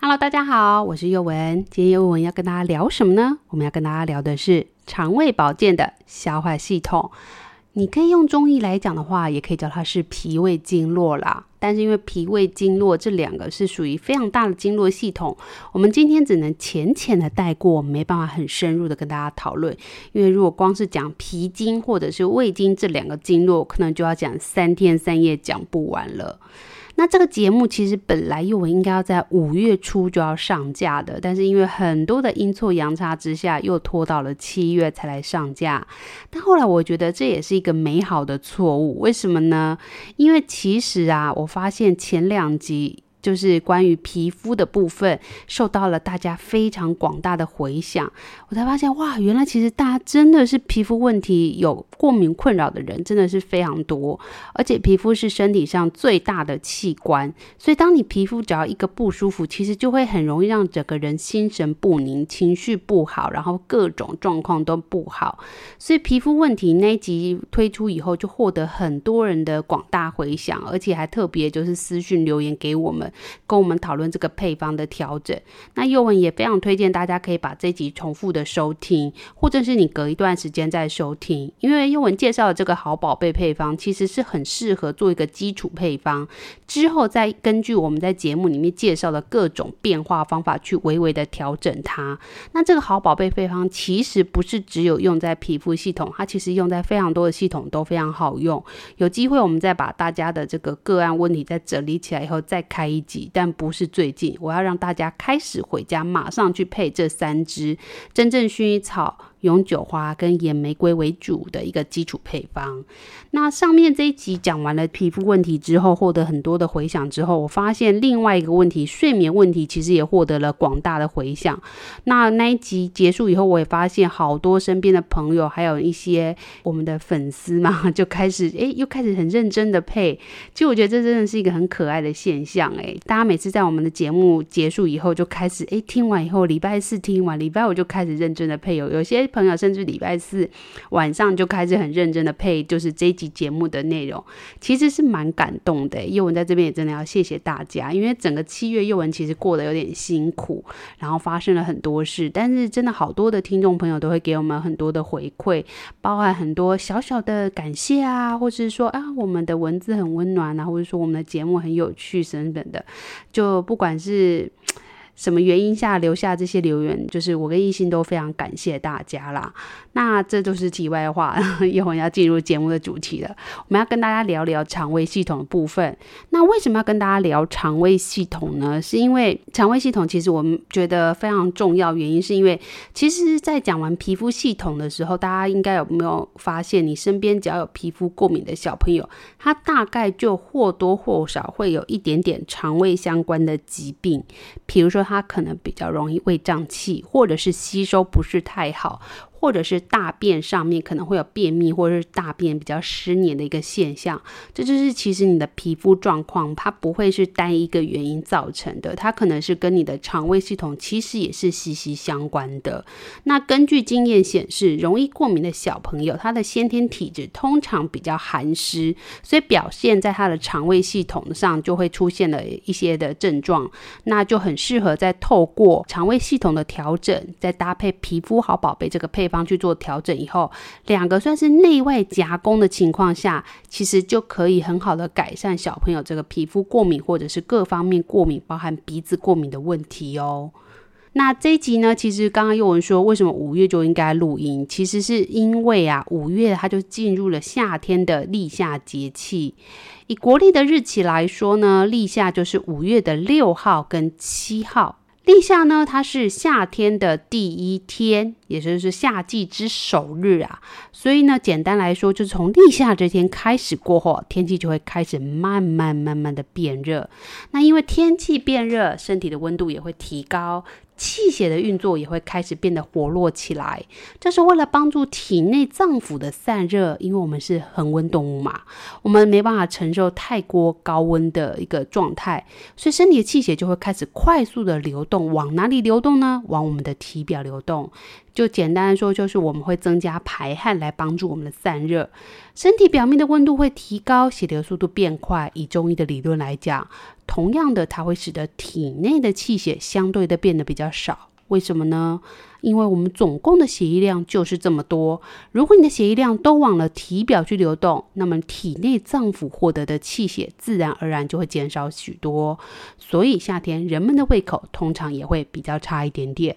Hello，大家好，我是宥雯。今天宥雯要跟大家聊什麼呢？我們要跟大家聊的是腸胃保健的消化系統。你可以用中醫來講的話，也可以叫它是脾胃經絡啦。但是因為脾胃經絡這兩個是屬於非常大的經絡系統，我們今天只能淺淺的帶過，沒辦法很深入的跟大家討論。因為如果光是講脾經或者是胃經這兩個經絡，可能就要講三天三夜講不完了。那這個節目其實本來以為應該要在五月初就要上架的，但是因為很多的陰錯陽差之下，又拖到了七月才來上架。但後來我覺得這也是一個美好的錯誤，為什麼呢？因為其實啊，我發現前兩集。就是關於皮膚的部分，受到了大家非常廣大的迴響，我才發現哇，原來其實大家真的是皮膚問題有過敏困擾的人真的是非常多，而且皮膚是身體上最大的器官，所以當你皮膚只要一個不舒服，其實就會很容易讓整個人心神不寧、情緒不好，然後各種狀況都不好。所以皮膚問題那一集推出以後，就獲得很多人的廣大迴響，而且還特別就是私訊留言給我們。跟我們討論這個配方的調整。那宥雯也非常推薦大家可以把這集重複的收聽，或者是你隔一段時間再收聽，因為宥雯介紹的這個好寶貝配方其實是很適合做一個基礎配方，之後再根據我們在節目裡面介紹的各種變化方法去微微的調整它。那這個好寶貝配方其實不是只有用在皮膚系統，它其實用在非常多的系統都非常好用。有機會我們再把大家的這個個案問題再整理起來以後再開一點。但不是最近，我要讓大家開始回家，馬上去配這三支真正薰衣草。永久花跟野玫瑰為主的一個基礎配方。那上面這一集講完了皮膚問題之後，獲得很多的迴響之後，我發現另外一個問題，睡眠問題其實也獲得了廣大的迴響。那那一集結束以後，我也發現好多身邊的朋友，還有一些我們的粉絲嘛，就開始誒，又開始很認真的配。其實我覺得這真的是一個很可愛的現象誒。大家每次在我們的節目結束以後，就開始誒，聽完以後禮拜四聽完禮拜五就開始認真的配油，有些。朋友甚至禮拜四晚上就開始很認真的配，就是這一集節目的內容，其實是蠻感動的。宥雯在這邊也真的要謝謝大家，因為整個七月宥雯其實過得有點辛苦，然後發生了很多事，但是真的好多的聽眾朋友都會給我們很多的回饋，包含很多小小的感謝啊，或是說啊我們的文字很溫暖啊，或者說我們的節目很有趣等等的，就不管是。什麼原因下留下這些留言？就是我跟一心都非常感謝大家啦。那這就是題外話，一會兒要進入節目的主題了。我們要跟大家聊聊腸胃系統的部分。那為什麼要跟大家聊腸胃系統呢？是因為腸胃系統其實我們覺得非常重要。原因是因為，其實，在講完皮膚系統的時候，大家應該有沒有發現，你身邊只要有皮膚過敏的小朋友，他大概就或多或少會有一點點腸胃相關的疾病，比如說。他可能比較容易胃脹氣，或者是吸收不是太好。或者是大便上面可能會有便秘，或者是大便比較濕黏的一個現象。這就是其實你的皮膚狀況，它不會是單一個原因造成的，它可能是跟你的腸胃系統其實也是息息相關的。那根據經驗顯示，容易過敏的小朋友，他的先天體質通常比較寒濕，所以表現在他的腸胃系統上就會出現了一些的症狀。那就很適合再透過腸胃系統的調整，再搭配皮膚好寶貝這個配方。方去做調整以後，兩個算是內外夾攻的情況下，其實就可以很好的改善小朋友這個皮膚過敏或者是各方面過敏，包含鼻子過敏的問題哦。那這一集呢，其實剛剛有人說為什麼五月就應該錄音，其實是因為啊，五月它就進入了夏天的立夏節氣。以國曆的日期來說呢，立夏就是五月的六號跟七號。立夏呢，它是夏天的第一天，也就是夏季之首日啊。所以呢，簡單來說，就是從立夏這天開始過後，天氣就會開始慢慢慢慢的變熱。那因為天氣變熱，身體的溫度也會提高。氣血的運作也會開始變得活絡起來，這是為了幫助體內臟腑的散熱，因為我們是恆溫動物嘛，我們沒辦法承受太過高溫的一個狀態，所以身體的氣血就會開始快速的流動，往哪裡流動呢？往我們的體表流動。就簡單的說，就是我們會增加排汗來幫助我們的散熱。身體表面的溫度會提高，血流速度變快。以中醫的理論來講，同樣的，它會使得體內的氣血相對的變得比較少。為什麼呢？因為我們總共的血液量就是這麼多。如果你的血液量都往了體表去流動，那麼體內臟腑獲得的氣血自然而然就會減少許多。所以夏天人們的胃口通常也會比較差一點點。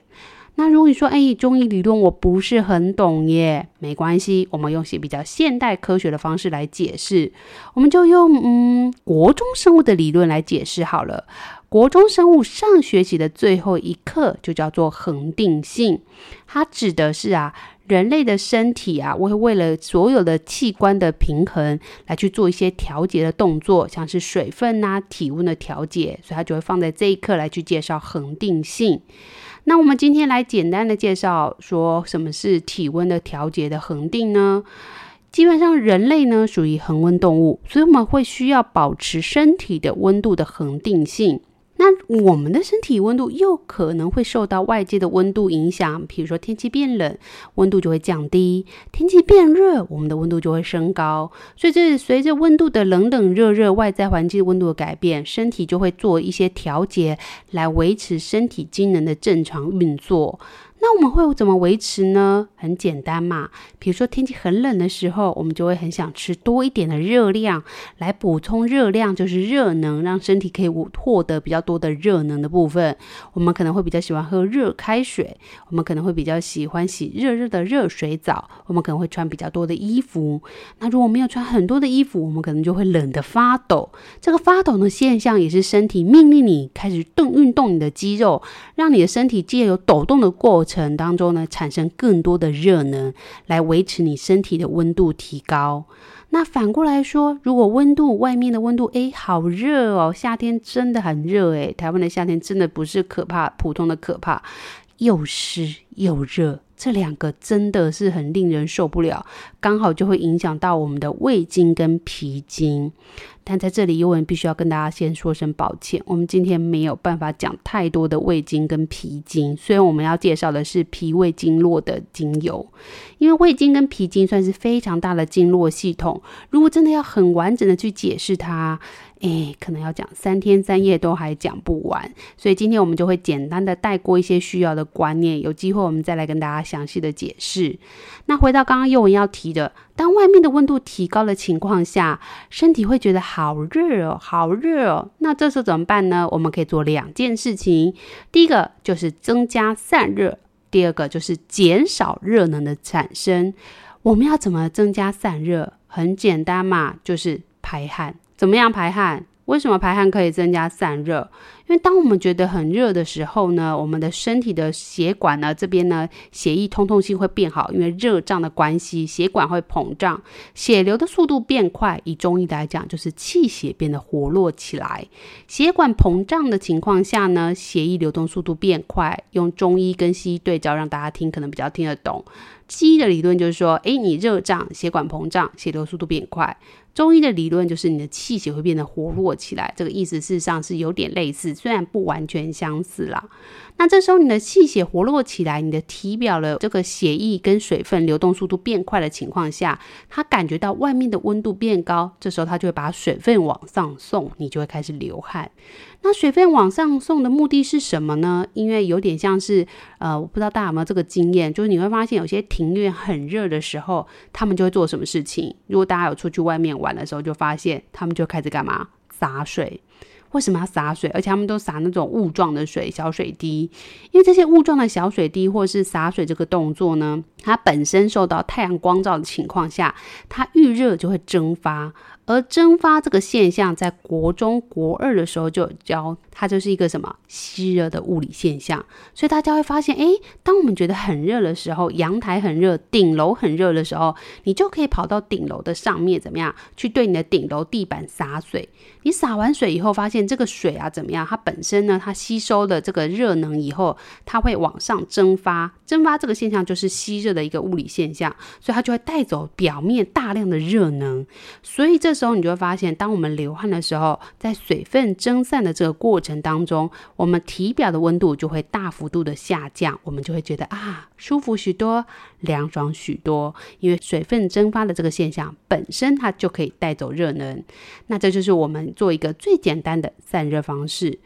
那如果你說，哎，中醫理論我不是很懂耶，沒關係，我們用一些比較現代科學的方式來解釋，我們就用，嗯，國中生物的理論來解釋好了。國中生物上學期的最後一課就叫做恆定性，它指的是啊，人類的身體啊，會為了所有的器官的平衡來去做一些調節的動作，像是水分啊，體溫的調節，所以它就會放在這一課來去介紹恆定性。那我們今天來簡單的介紹，說什麼是體溫的調節的恆定呢？基本上，人類呢，屬於恆溫動物，所以我們會需要保持身體的溫度的恆定性。那我們的身體溫度又可能會受到外界的溫度影響，比如說天氣變冷，溫度就會降低；天氣變熱，我們的溫度就會升高。所以這隨着溫度的冷冷熱熱，外在環境溫度的改變，身體就會做一些調節，來維持身體機能的正常運作。那我們會怎麼維持呢？很簡單嘛，比如說天氣很冷的時候，我們就會很想吃多一點的熱量來補充熱量，就是熱能讓身體可以獲得比較多的熱能的部分。我們可能會比較喜歡喝熱開水，我們可能會比較喜歡洗熱熱的熱水澡，我們可能會穿比較多的衣服。那如果沒有穿很多的衣服，我們可能就會冷得發抖。這個發抖的現象也是身體命令你開始動運動你的肌肉，讓你的身體既有抖動的過程。程當中呢，產生更多的熱能，來維持你身體的溫度提高。那反過來說，如果溫度外面的溫度，哎，好熱哦，夏天真的很熱哎，台灣的夏天真的不是可怕，普通的可怕。又濕又熱，這兩個真的是很令人受不了，剛好就會影響到我們的胃經跟脾經。但在這裡，宥雯必須要跟大家先說聲抱歉，我們今天沒有辦法講太多的胃經跟脾經，所以我們要介紹的是脾胃經絡的精油，因為胃經跟脾經算是非常大的經絡系統，如果真的要很完整的去解釋它。哎，可能要講三天三夜都還講不完，所以今天我們就會簡單的帶過一些需要的觀念，有機會我們再來跟大家詳細的解釋。那回到剛剛宥雯要提的，當外面的溫度提高的情況下，身體會覺得好熱哦，好熱哦。那這時候怎麼辦呢？我們可以做兩件事情，第一個就是增加散熱，第二個就是減少熱能的產生。我們要怎麼增加散熱？很簡單嘛，就是排汗。怎麼樣排汗？為什麼排汗可以增加散熱？因為當我們覺得很熱的時候呢，我們的身體的血管呢，這邊呢，血液通透性會變好，因為熱脹的關係，血管會膨脹，血流的速度變快。以中醫來講，就是氣血變得活絡起來。血管膨脹的情況下呢，血液流動速度變快。用中醫跟西醫對照，讓大家聽可能比較聽得懂。西醫的理論就是說，哎，你熱脹，血管膨脹，血流速度變快。中醫的理論就是你的氣血會變得活絡起來，這個意思事實上是有點類似。雖然不完全相似啦，那這時候你的氣血活絡起來，你的體表的這個血液跟水分流動速度變快的情況下，它感覺到外面的溫度變高，這時候它就會把水分往上送，你就會開始流汗。那水分往上送的目的是什麼呢？因為有點像是，呃，我不知道大家有沒有這個經驗，就是你會發現有些庭院很熱的時候，他們就會做什麼事情？如果大家有出去外面玩的時候，就發現他們就開始幹嘛灑水。為什麼要灑水？而且他們都灑那種霧狀的水、小水滴。因為這些霧狀的小水滴，或者是灑水這個動作呢，它本身受到太陽光照的情況下，它遇熱就會蒸發。而蒸發這個現象，在國中國二的時候就教，它就是一個什麼吸熱的物理現象。所以大家會發現，哎，當我們覺得很熱的時候，陽台很熱，頂樓很熱的時候，你就可以跑到頂樓的上面，怎麼樣去對你的頂樓地板灑水？你灑完水以後，發現這個水啊，怎麼樣？它本身呢，它吸收的這個熱能以後，它會往上蒸發。蒸發這個現象就是吸熱的一個物理現象，所以它就會帶走表面大量的熱能。所以這時候你就會發現，當我們流汗的時候，在水分蒸散的這個過程當中，我們體表的溫度就會大幅度的下降，我們就會覺得啊，舒服許多，涼爽許多。因為水分蒸發的這個現象本身它就可以帶走熱能，那這就是我們做一個最簡單的散熱方式。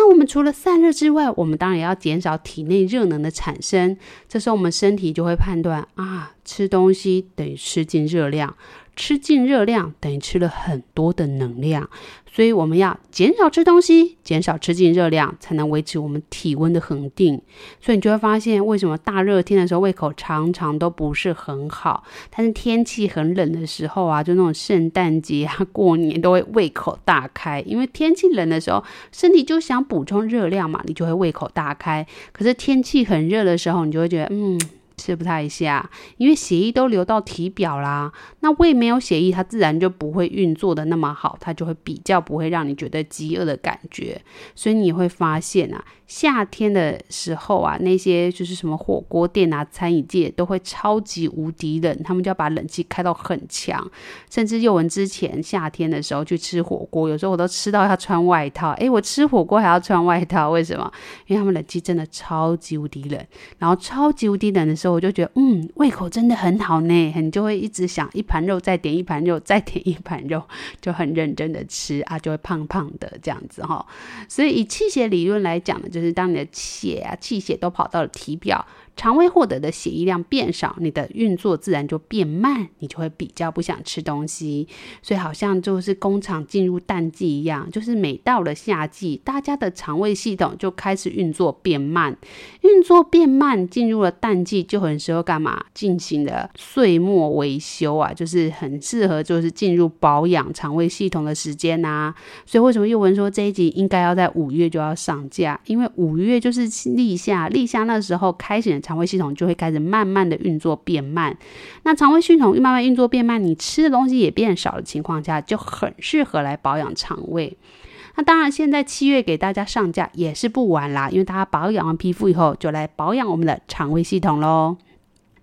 那我們除了散熱之外，我們當然也要減少體內熱能的產生。這時候，我們身體就會判斷啊，吃東西等於吃進熱量，吃進熱量等於吃了很多的能量。所以我們要減少吃東西，減少吃進熱量，才能維持我們體溫的恆定。所以你就會發現，為什麼大熱天的時候胃口常常都不是很好，但是天氣很冷的時候啊，就那種聖誕節啊、過年都會胃口大開，因為天氣冷的時候，身體就想補充熱量嘛，你就會胃口大開。可是天氣很熱的時候，你就會覺得，嗯。吃不太下，啊，因為血液都流到體表啦。那胃沒有血液，它自然就不會運作的那麼好，它就會比較不會讓你覺得飢餓的感覺。所以你會發現啊，夏天的時候啊，那些就是什麼火鍋店啊，餐飲界都會超級無敵冷，他們就要把冷氣開到很強。甚至宥雯之前夏天的時候去吃火鍋，有時候我都吃到要穿外套。誒，我吃火鍋還要穿外套，為什麼？因為他們冷氣真的超級無敵冷。然後超級無敵冷的時候。我就覺得，嗯，胃口真的很好呢，你就會一直想一盤肉，再點一盤肉，再點一盤肉，就很認真的吃啊，就會胖胖的這樣子哈。所以以氣血理論來講呢，就是當你的血啊，氣血都跑到了體表。腸胃獲得的血液量變少，你的運作自然就變慢，你就會比較不想吃東西，所以好像就是工廠進入淡季一樣，就是每到了夏季，大家的腸胃系統就開始運作變慢，運作變慢，進入了淡季就很適合幹嘛？進行的歲末維修啊，就是很適合就是進入保養腸胃系統的時間吶、啊。所以為什麼宥雯說這一集應該要在五月就要上架？因為五月就是立夏，立夏那時候開始。腸胃系統就會開始慢慢的運作變慢，那腸胃系統慢慢運作變慢，你吃的東西也變少的情況下，就很適合來保養腸胃。那當然，現在七月給大家上架也是不晚啦，因為大家保養完皮膚以後，就來保養我們的腸胃系統嘍。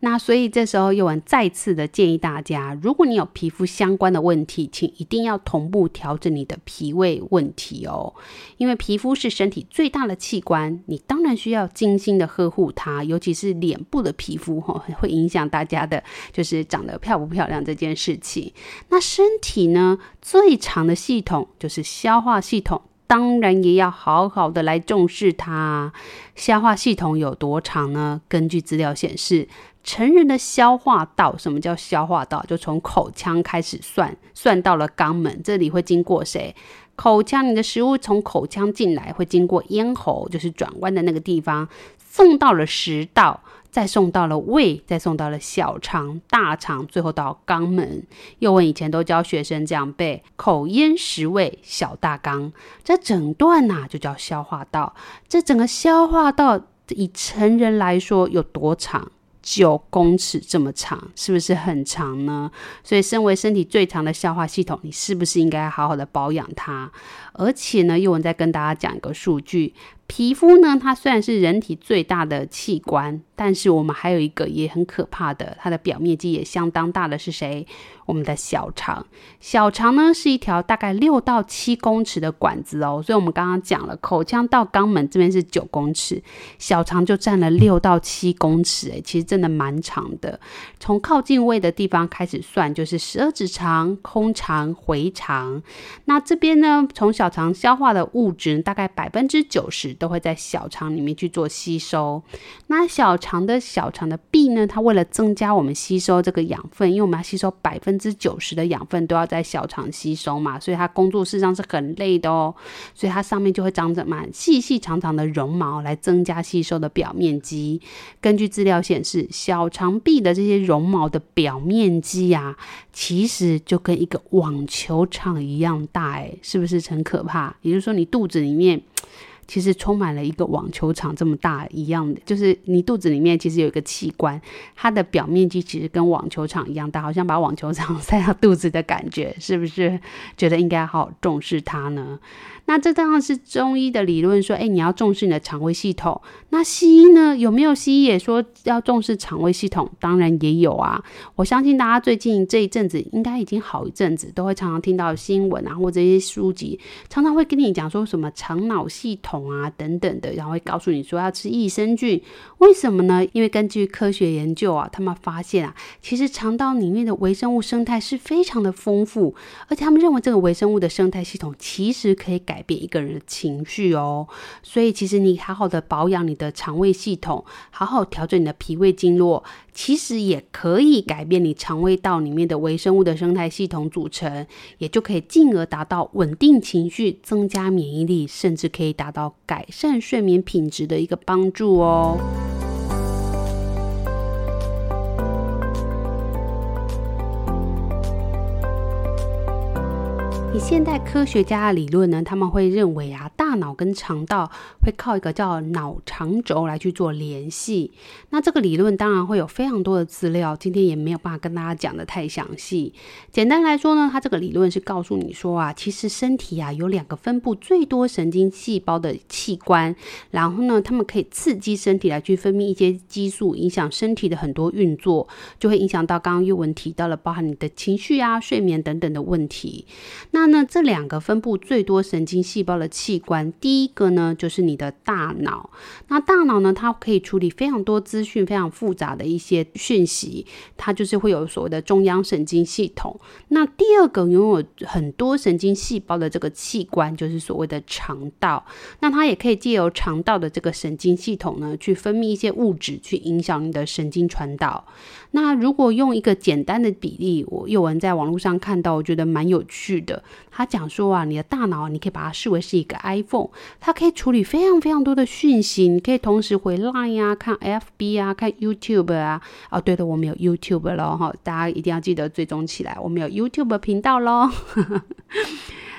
那所以這時候，宥雯再次的建議大家，如果你有皮膚相關的問題，請一定要同步調整你的脾胃問題哦。因為皮膚是身體最大的器官，你當然需要精心的呵護它，尤其是臉部的皮膚哈，會影響大家的就是長得漂不漂亮這件事情。那身體呢，最長的系統就是消化系統。當然也要好好的來重視它。消化系統有多長呢？根據資料顯示，成人的消化道，什麼叫消化道？就從口腔開始算，算到了肛門。這裡會經過誰？口腔，你的食物從口腔進來，會經過咽喉，就是轉彎的那個地方，送到了食道。再送到了胃，再送到了小腸、大腸，最後到肛門。宥雯以前都教學生這樣背：口咽食胃小大肛。這整段吶、啊、就叫消化道。這整個消化道以成人來說有多長？九公尺這麼長，是不是很長呢？所以，身為身體最長的消化系統，你是不是應該好好的保養它？而且呢，又我在跟大家講一個數據：皮膚呢，它雖然是人體最大的器官，但是我們還有一個也很可怕的，它的表面積也相當大的是誰？我們的小腸。小腸呢是一條大概六到七公尺的管子哦，所以我們剛剛講了，口腔到肛門這邊是九公尺，小腸就佔了六到七公尺，哎，誒，其實真的蠻長的。從靠近胃的地方開始算，就是十二指腸、空腸、回腸。那這邊呢，從小小腸消化的物質大概百分之九十都會在小腸裡面去做吸收。那小腸的小腸的壁呢，它為了增加我們吸收這個養分，因為我們要吸收百分之九十的養分都要在小腸吸收嘛，所以它工作事實上是很累的哦。所以它上面就會長着滿細細長長的絨毛來增加吸收的表面積。根據資料顯示，小腸壁的這些絨毛的表面積呀、啊，其實就跟一個網球場一樣大，欸，哎，是不是，乘客？可怕，也就是說，你肚子裡面。其實充滿了一個網球場這麼大一樣的，就是你肚子裡面其實有一個器官，它的表面積其實跟網球場一樣大，好像把網球場塞到肚子的感覺，是不是？覺得應該好好重視它呢？那這當然是中醫的理論說，哎，你要重視你的腸胃系統。那西醫呢？有沒有西醫也說要重視腸胃系統？當然也有啊。我相信大家最近這一陣子應該已經好一陣子，都會常常聽到新聞啊，或者一些書籍，常常會跟你講說什麼腸腦系統。啊，等等的，然後會告訴你說要吃益生菌，為什麼呢？因為根據科學研究啊，他們發現啊，其實腸道裡面的微生物生態是非常的豐富，而且他們認為這個微生物的生態系統其實可以改變一個人的情緒哦。所以，其實你好好的保養你的腸胃系統，好好調整你的脾胃經絡，其實也可以改變你腸胃道裡面的微生物的生態系統組成，也就可以進而達到穩定情緒、增加免疫力，甚至可以達到。改善睡眠品質的一個幫助哦。以現代科學家的理論呢，他們會認為啊，大腦跟腸道會靠一個叫腦腸軸來去做聯繫。那這個理論當然會有非常多的資料，今天也沒有辦法跟大家講得太詳細。簡單來說呢，他這個理論是告訴你說啊，其實身體啊有兩個分布最多神經細胞的器官，然後呢，他們可以刺激身體來去分泌一些激素，影響身體的很多運作，就會影響到剛剛宥雯提到了包含你的情緒啊、睡眠等等的問題。那那這兩個分布最多神經細胞的器官，第一個呢，就是你的大腦。那大腦呢，它可以處理非常多資訊、非常複雜的一些訊息，它就是會有所謂的中央神經系統。那第二個擁有很多神經細胞的這個器官，就是所謂的腸道。那它也可以借由腸道的這個神經系統呢，去分泌一些物質，去影響你的神經傳導。那如果用一個簡單的比例，我有人在網絡上看到，我覺得蠻有趣的。他講說啊，你的大腦你可以把它視為是一個 iPhone，它可以處理非常非常多的訊息，你可以同時回 Line 呀、看 FB 啊、看、啊、看 YouTube 啊。哦，對的，我們有 YouTube 咯，哈，大家一定要記得追蹤起來，我們有 YouTube 頻道嘍。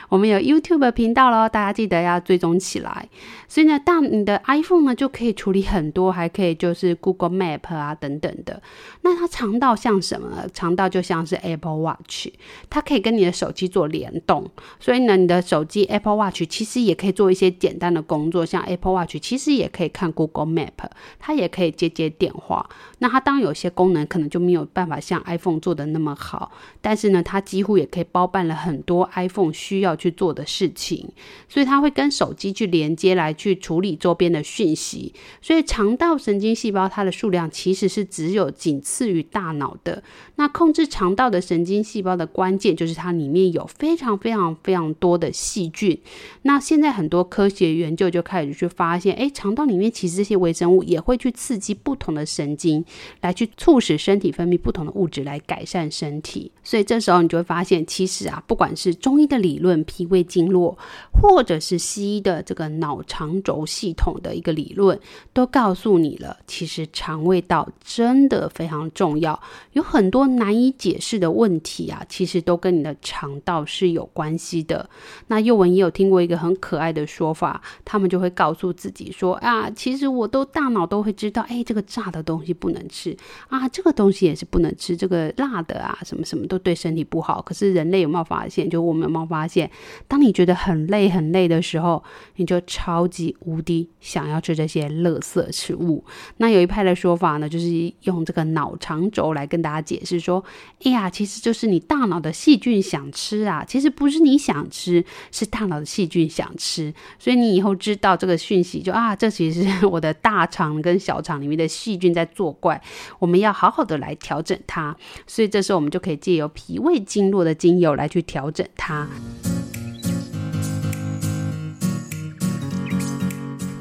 我們有 YouTube 頻道嘍，大家記得要追蹤起來。所以呢，當你的 iPhone 呢就可以處理很多，還可以就是 Google Map 啊等等的。那它長到像什麼？長到就像是 Apple Watch，它可以跟你的手機做聯動。所以呢，你的手機 Apple Watch 其實也可以做一些簡單的工作，像 Apple Watch 其實也可以看 Google Map，它也可以接接電話。那它當然有些功能可能就沒有辦法像 iPhone 做得那麼好，但是呢，它幾乎也可以包辦了很多 iPhone 需要去做的事情，所以它會跟手機去連接，來去處理周邊的訊息。所以腸道神經細胞它的數量其實是只有僅次於大腦的。那控制腸道的神經細胞的關鍵就是它裡面有非常非常非常多的細菌。那現在很多科學研究就開始去發現，哎，腸道裡面其實這些微生物也會去刺激不同的神經，來去促使身體分泌不同的物質來改善身體。所以這時候你就會發現，其實啊，不管是中醫的理論。脾胃經絡，或者是西醫的這個腦腸軸系統的一個理論，都告訴你了，其實腸胃道真的非常重要，有很多難以解釋的問題啊，其實都跟你的腸道是有關係的。那宥雯也有聽過一個很可愛的說法，他們就會告訴自己說啊，其實我都大腦都會知道，哎，這個炸的東西不能吃啊，這個東西也是不能吃，這個辣的啊，什麼什麼都對身體不好。可是人類有沒有發現，就我們有沒有發現？當你覺得很累很累的時候，你就超級無敵想要吃這些垃圾食物。那有一派的說法呢，就是用這個腦腸軸來跟大家解釋說，哎呀，其實就是你大腦的細菌想吃啊，其實不是你想吃，是大腦的細菌想吃。所以你以後知道這個訊息就，就啊，這其實是我的大腸跟小腸裡面的細菌在作怪，我們要好好的來調整它。所以這時候我們就可以借由脾胃經絡的精油來去調整它。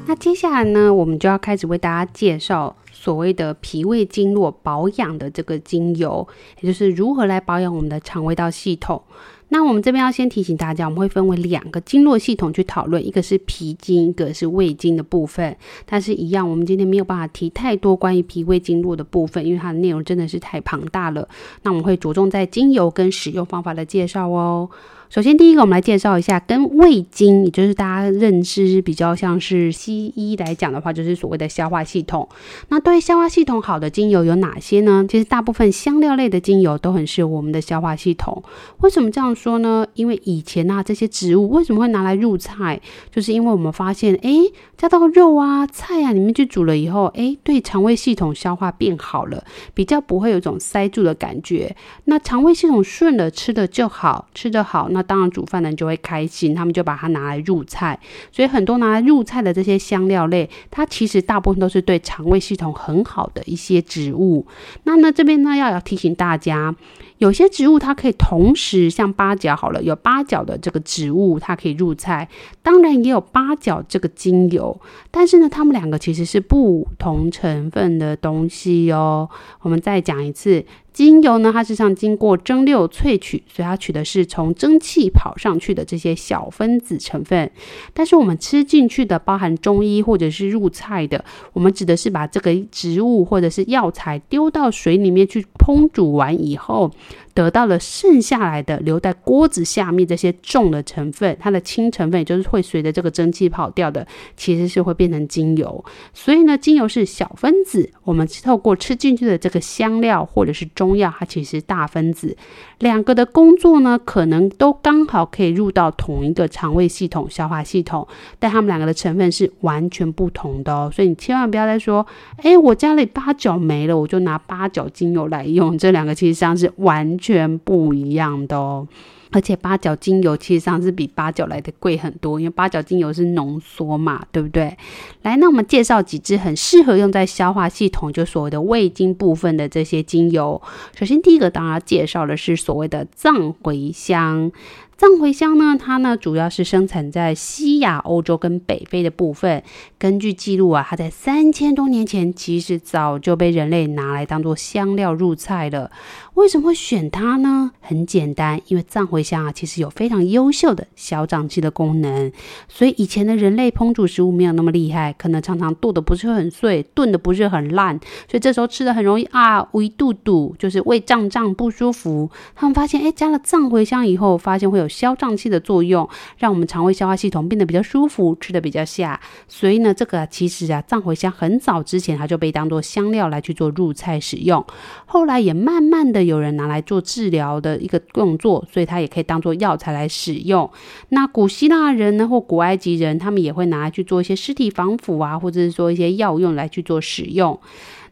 那接下來呢，我們就要開始為大家介紹所謂的脾胃經絡保養的這個精油，也就是如何來保養我們的腸胃道系統。那我們這邊要先提醒大家，我們會分為兩個經絡系統去討論，一個是脾經，一個是胃經的部分。但是，一樣，我們今天沒有辦法提太多關於脾胃經絡的部分，因為它的內容真的是太龐大了。那我們會着重在精油跟使用方法的介紹哦。首先，第一個我們來介紹一下跟胃經，也就是大家認知比較像是西醫來講的話，就是所謂的消化系統。那對於消化系統好的精油有哪些呢？其實大部分香料類的精油都很適合我們的消化系統。為什麼這樣說呢？因為以前吶、啊，這些植物為什麼會拿來入菜？就是因為我們發現，哎、欸，加到肉啊、菜啊裡面去煮了以後，哎、欸，對腸胃系統消化變好了，比較不會有種塞住的感覺。那腸胃系統順了，吃得就好，吃得好。那當然，煮飯的人就會開心，他們就把它拿來入菜。所以很多拿來入菜的這些香料類，它其實大部分都是對腸胃系統很好的一些植物。那呢，這邊呢要提醒大家，有些植物它可以同時，像八角好了，有八角的這個植物它可以入菜，當然也有八角這個精油，但是呢，它們兩個其實是不同成分的東西哦。我們再講一次。精油呢，它是像經過蒸餾萃取，所以它取的是從蒸汽跑上去的這些小分子成分。但是我們吃進去的，包含中醫或者是入菜的，我們指的是把這個植物或者是藥材丟到水裡面去烹煮完以後。得到了剩下來的留在鍋子下面這些重的成分，它的輕成分也就是會隨着這個蒸汽跑掉的，其實是會變成精油。所以呢，精油是小分子，我們透過吃進去的這個香料或者是中藥，它其實是大分子。兩個的工作呢，可能都剛好可以入到同一個腸胃系統、消化系統，但他們兩個的成分是完全不同的哦。所以你千萬不要再說，哎，我家裡八角沒了，我就拿八角精油來用。這兩個其實上是完全，全不一樣的哦。而且八角精油其實上是比八角來的貴很多，因為八角精油是濃縮嘛，對不對？來，那我們介紹幾支很適合用在消化系統，就所謂的胃經部分的這些精油。首先第一個，當然介紹的是所謂的藏茴香。藏茴香呢，它呢主要是生產在西亞、歐洲跟北非的部分。根據記錄啊，它在三千多年前其實早就被人類拿來當做香料入菜了。為什麼會選它呢？很簡單，因為藏茴香啊其實有非常優秀的消脹氣的功能，所以以前的人類烹煮食物沒有那麼厲害，可能常常剁的不是很碎，燉的不是很爛，所以這時候吃的很容易啊胃肚肚，就是胃脹脹不舒服。他們發現，哎、欸，加了藏茴香以後，發現會有。有消脹氣的作用，讓我們腸胃消化系統變得比較舒服，吃得比較下。所以呢，這個其實啊，藏茴香很早之前它就被當做香料來去做入菜使用，後來也慢慢的有人拿來做治療的一個用作，所以它也可以當做藥材來使用。那古希臘人呢，或古埃及人，他們也會拿來去做一些屍體防腐啊，或者是說一些藥用來去做使用。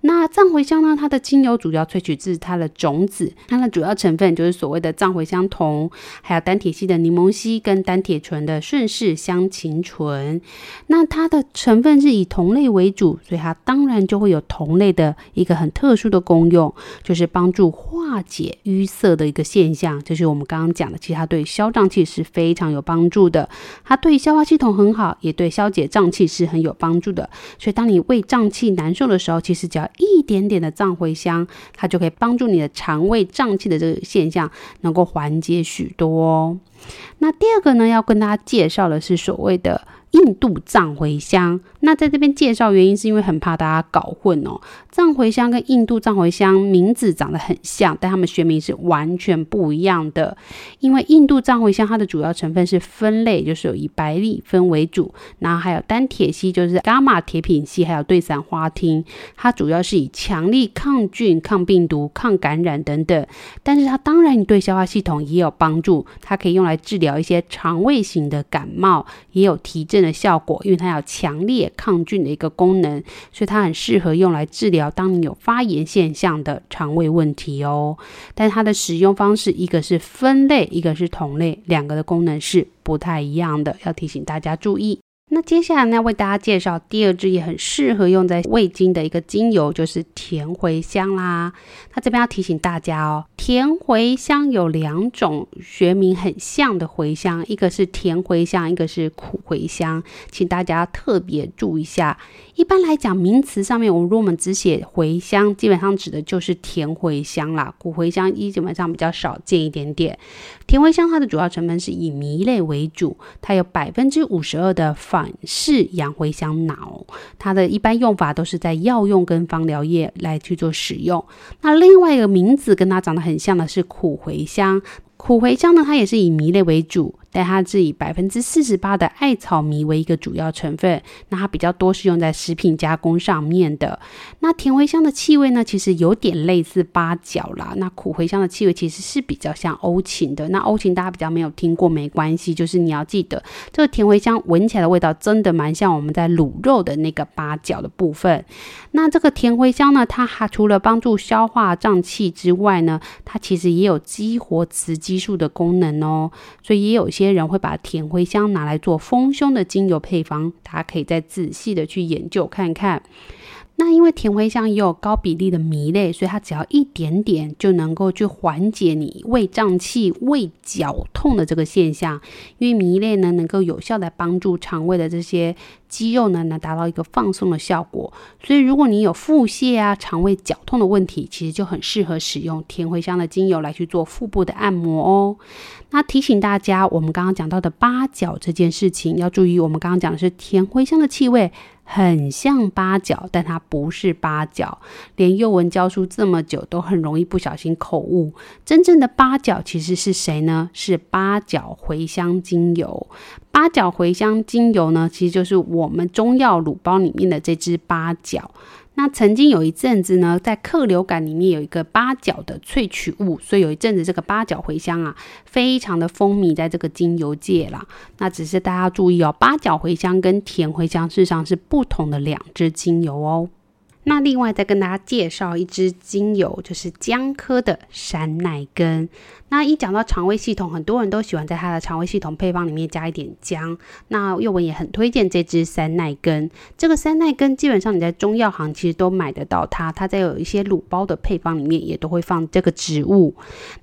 那藏茴香呢，它的精油主要萃取自它的種子，它的主要成分就是所謂的藏茴香酮，還有單萜系的檸檬烯跟單萜醇的順式香芹醇。那它的成分是以酮類為主，所以它當然就會有酮類的一個很特殊的功用，就是幫助化解淤塞的一個現象。就是我們剛剛講的，其實它對消脹氣是非常有幫助的，它對消化系統很好，也對消解脹氣是很有幫助的。所以當你胃脹氣難受的時候，其實只要一點點的藏茴香，它就可以幫助你的腸胃脹氣的這個現象，能夠緩解許多哦。那第二個呢，要跟大家介紹的是所謂的。印度藏茴香，那在這邊介紹原因是因為很怕大家搞混哦、喔。藏茴香跟印度藏茴香名字長得很像，但他們學名是完全不一樣的。因為印度藏茴香它的主要成分是酚類，就是有以百里酚為主，然後還有單萜烯，就是伽馬萜品烯，還有對傘花烴。它主要是以強力抗菌、抗病毒、抗感染等等。但是它當然你對消化系統也有幫助，它可以用來治療一些腸胃型的感冒，也有提振的效果，因為它有強烈抗菌的一個功能，所以它很適合用來治療，當你有發炎現象的腸胃問題哦。但它的使用方式，一個是分類，一個是同類，兩個的功能是不太一樣的，要提醒大家注意。那接下來呢，為大家介紹第二支也很適合用在胃經的一個精油，就是甜茴香啦。那這邊要提醒大家哦，甜茴香有兩種學名很像的茴香，一個是甜茴香，一個是苦茴香，請大家特別注意一下。一般來講，名詞上面，我們如果只寫茴香，基本上指的就是甜茴香啦。苦茴香一基本上比較少見一點點。甜茴香它的主要成分是以醚類為主，它有百分之五十二的，反式洋茴香腦，它的一般用法都是在藥用跟芳療業來去做使用。那另外一個名字跟它長得很像的是苦茴香，苦茴香呢，它也是以醚類為主。但它是以百分之四十八的艾草醚為一個主要成分，那它比較多是用在食品加工上面的。那甜茴香的氣味呢，其實有點類似八角啦。那苦茴香的氣味其實是比較像歐芹的。那歐芹大家比較沒有聽過，沒關係，就是你要記得這個甜茴香聞起來的味道真的蠻像我們在滷肉的那個八角的部分。那這個甜茴香呢，它還除了幫助消化脹氣之外呢，它其實也有激活雌激素的功能哦。所以也有一些。些人會把甜茴香拿來做豐胸的精油配方，大家可以再仔細的去研究看看。那因為甜茴香也有高比例的醚類，所以它只要一點點就能夠去緩解你胃脹氣、胃絞痛的這個現象。因為醚類呢，能夠有效的幫助腸胃的這些肌肉呢，能達到一個放鬆的效果。所以如果你有腹瀉啊、腸胃絞痛的問題，其實就很適合使用甜茴香的精油來去做腹部的按摩哦。那提醒大家，我們剛剛講到的八角這件事情要注意，我們剛剛講的是甜茴香的氣味。很像八角，但它不是八角。連宥雯教書這麼久，都很容易不小心口誤。真正的八角其實是誰呢？是八角茴香精油。八角茴香精油呢，其實就是我們中藥滷包裡面的這支八角。那曾經有一陣子呢，在克流感裡面有一個八角的萃取物，所以有一陣子這個八角茴香啊，非常的風靡在這個精油界了。那只是大家注意哦，八角茴香跟甜茴香事實上是不同的兩支精油哦。那另外再跟大家介紹一支精油，就是薑科的山奈根。那一講到腸胃系統，很多人都喜歡在它的腸胃系統配方裡面加一點薑。那宥雯也很推薦這支山奈根。這個山奈根基本上你在中藥行其實都買得到它，它在有一些滷包的配方裡面也都會放這個植物。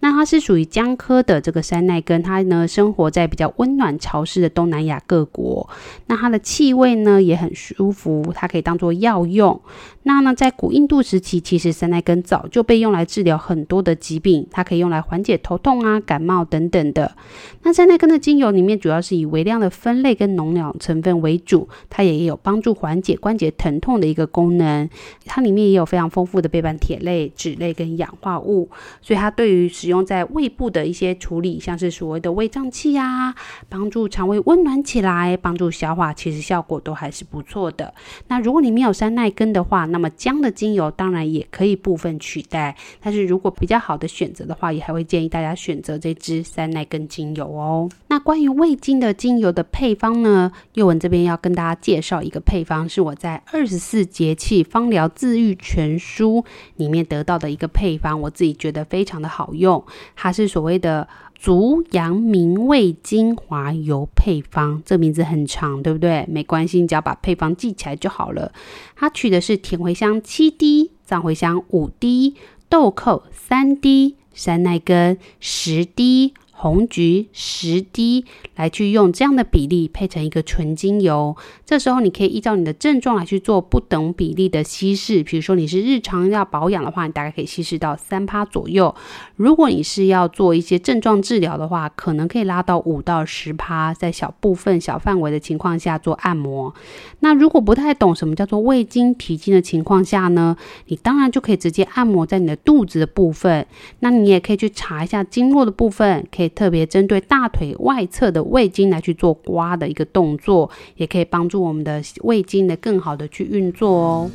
那它是屬於薑科的這個山奈根，它呢生活在比較溫暖潮濕的東南亞各國。那它的氣味呢也很舒服，它可以當做藥用。那呢在古印度時期，其實山奈根早就被用來治療很多的疾病，它可以用來緩解頭。痛啊，感冒等等的。那山奈根的精油裡面主要是以微量的酚類跟農量成分為主，它也有幫助緩解關節疼痛的一個功能。它裡面也有非常豐富的倍半萜類、脂類跟氧化物，所以它對於使用在胃部的一些處理，像是所謂的胃脹氣啊，幫助腸胃溫暖起來，幫助消化，其實效果都還是不錯的。那如果你沒有山奈根的話，那麼薑的精油當然也可以部分取代。但是如果比較好的選擇的話，也還會建議大家。選擇這支山奈根精油哦。那關於胃經的精油的配方呢，宥雯這邊要跟大家介紹一個配方，是我在《二十四節氣芳療自癒全書》裡面得到的一個配方，我自己覺得非常的好用。它是所謂的足陽明胃精華油配方，這名字很長，對不對？沒關係，你只要把配方記起來就好了。它取的是甜茴香七滴，藏茴香五滴，豆蔻三滴，山奈根十滴。紅橘十滴來去用這樣的比例配成一個純精油，這時候你可以依照你的症狀來去做不等比例的稀釋。比如說你是日常要保養的話，你大概可以稀釋到三趴左右；如果你是要做一些症狀治療的話，可能可以拉到五到十趴，在小部分小範圍的情況下做按摩。那如果不太懂什麼叫做胃經、脾經的情況下呢，你當然就可以直接按摩在你的肚子的部分。那你也可以去查一下經絡的部分，可以。特別針對大腿外側的胃經來去做刮的一個動作，也可以幫助我們的胃經呢更好的去運作哦。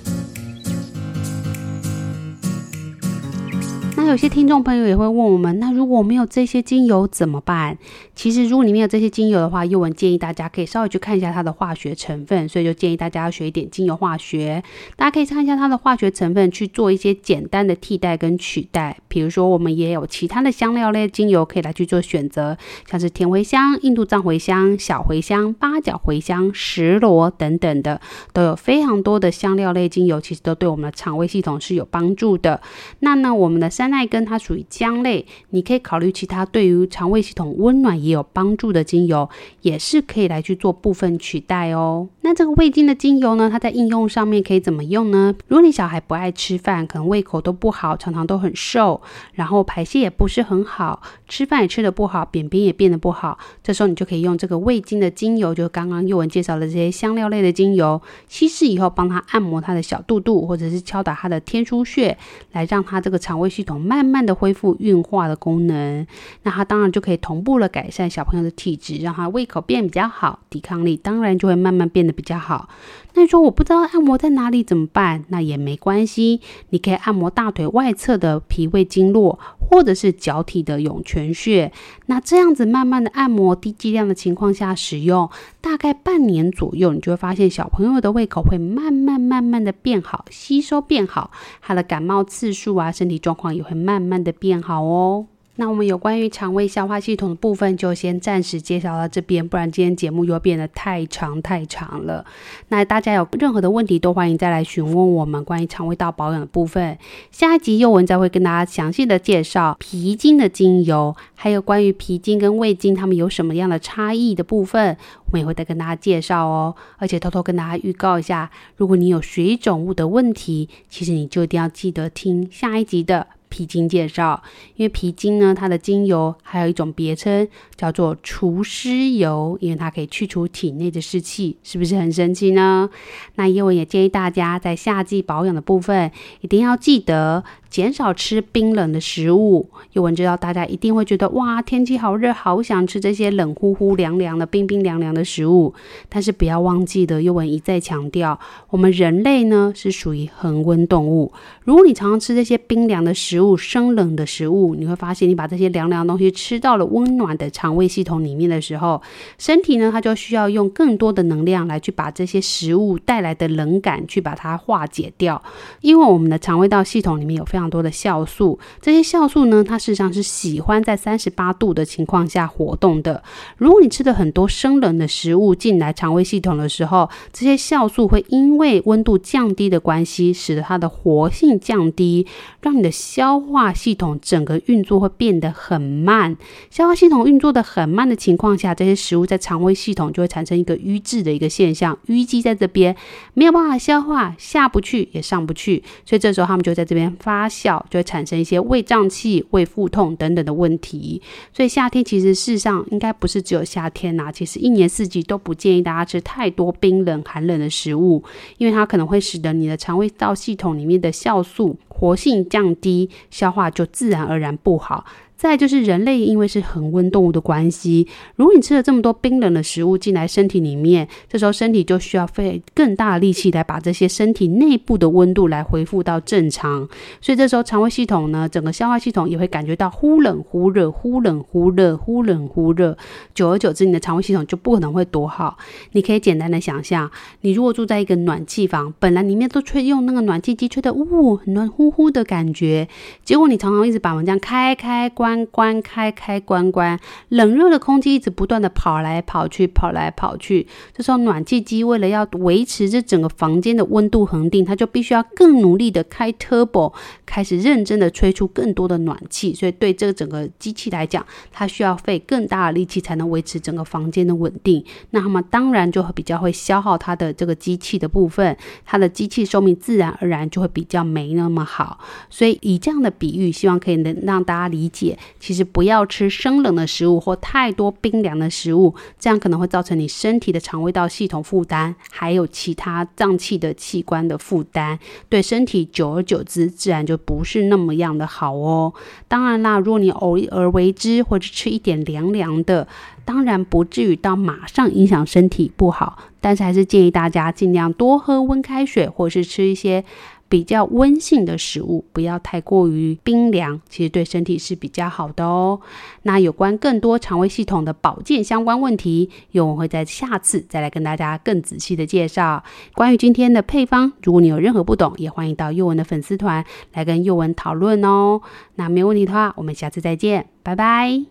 那有些聽眾朋友也會問我們，那如果沒有這些精油怎麼辦？其實如果你沒有這些精油的話，宥雯建議大家可以稍微去看一下它的化學成分，所以就建議大家要學一點精油化學。大家可以看一下它的化學成分，去做一些簡單的替代跟取代。比如說，我們也有其他的香料類精油可以來去做選擇，像是甜茴香、印度藏茴香、小茴香、八角茴香、蒔蘿等等的，都有非常多的香料類精油，其實都對我們的腸胃系統是有幫助的。那呢，我們的三。山奈根，它屬於薑類，你可以考慮其他對於腸胃系統溫暖也有幫助的精油，也是可以來去做部分取代哦。那這個胃經的精油呢，它在應用上面可以怎麼用呢？如果你小孩不愛吃飯，可能胃口都不好，常常都很瘦，然後排泄也不是很好，吃飯也吃得不好，便便也變得不好，這時候你就可以用這個胃經的精油，就剛剛宥雯介紹了這些香料類的精油，稀釋以後幫他按摩他的小肚肚，或者是敲打他的天樞穴，來讓他這個腸胃系統。慢慢的恢復運化的功能，那它當然就可以同步了改善小朋友的體質，讓他胃口變比較好，抵抗力當然就會慢慢變得比較好。那你說我不知道按摩在哪裡怎麼辦？那也沒關係，你可以按摩大腿外側的脾胃經絡，或者是腳底的湧泉穴，那這樣子慢慢的按摩，低劑量的情況下使用。大概半年左右，你就會發現小朋友的胃口會慢慢慢慢的變好，吸收變好，他的感冒次數啊，身體狀況也會慢慢的變好哦。那我們有關於腸胃消化系統的部分就先暫時介紹到這邊，不然今天節目又變得太長太長了。那大家有任何的問題都歡迎再來詢問我們關於腸胃道保養的部分。下一集宥雯再會跟大家詳細的介紹脾經的精油，還有關於脾經跟胃經它們有什麼樣的差異的部分，我們也會再跟大家介紹哦。而且偷偷跟大家預告一下，如果你有水腫物的問題，其實你就一定要記得聽下一集的。皮筋介紹，因為皮筋呢，它的精油還有一種別稱叫做除濕油，因為它可以去除體內的濕氣，是不是很神奇呢？那宥雯也建議大家在夏季保養的部分，一定要記得減少吃冰冷的食物。宥雯知道大家一定會覺得哇，天氣好熱，好想吃這些冷乎乎、涼涼的冰冰涼涼的食物，但是不要忘記的，宥雯一再強調，我們人類呢是屬於恆溫動物，如果你常常吃這些冰涼的食物，生冷的食物，你會發現你把這些涼涼的東西吃到了溫暖的腸胃系統裡面的時候，身體呢，它就需要用更多的能量來去把這些食物帶來的冷感去把它化解掉。因為我們的腸胃道系統裡面有非常多的酵素，這些酵素呢，它事實上是喜歡在三十八度的情況下活動的。如果你吃的很多生冷的食物進來腸胃系統的時候，這些酵素會因為溫度降低的關係，使得它的活性降低，讓你的消。消化系統整個運作會變得很慢，消化系統運作的很慢的情況下，這些食物在腸胃系統就會產生一個淤滯的一個現象，淤積在這邊，沒有辦法消化，下不去也上不去，所以這時候他們就在這邊發酵，就會產生一些胃脹氣、胃腹痛等等的問題。所以夏天其實事實上應該不是只有夏天吶、啊，其實一年四季都不建議大家吃太多冰冷、寒冷的食物，因為它可能會使得你的腸胃道系統裡面的酵素。活性降低，消化就自然而然不好。再就是人類因為是恆溫動物的關係，如果你吃了這麼多冰冷的食物進來身體裡面，這時候身體就需要費更大的力氣來把這些身體內部的溫度來恢復到正常，所以這時候腸胃系統呢，整個消化系統也會感覺到忽冷忽熱、忽冷忽熱、忽冷忽熱，久而久之，你的腸胃系統就不可能會多好。你可以簡單的想象，你如果住在一個暖氣房，本來裡面都吹用那個暖氣機吹的，嗚，暖呼呼的感覺，結果你常常一直把門這樣開開關。關關開開關關，冷熱的空氣一直不斷的跑來跑去，跑來跑去。這時候，暖氣機為了要維持這整個房間的溫度恆定，它就必須要更努力的開 turbo，開始認真的吹出更多的暖氣。所以，對這整個機器來講，它需要費更大的力氣才能維持整個房間的穩定。那麼，當然就會比較會消耗它的這個機器的部分，它的機器壽命自然而然就會比較沒那麼好。所以，以這樣的比喻，希望可以能讓大家理解。其實不要吃生冷的食物或太多冰涼的食物，這樣可能會造成你身體的腸胃道系統負擔，還有其他臟器的器官的負擔，對身體久而久之自然就不是那麼樣的好哦。當然啦，如果你偶爾為之或者是吃一點涼涼的，當然不至於到馬上影響身體不好，但是還是建議大家盡量多喝溫開水，或是吃一些。比較溫性的食物不要太過於冰涼，其實對身體是比較好的哦。那有關更多腸胃系統的保健相關問題，宥雯會在下次再來跟大家更仔細的介紹。關於今天的配方，如果你有任何不懂，也歡迎到宥雯的粉絲團來跟宥雯討論哦。那沒有問題的話，我們下次再見，拜拜。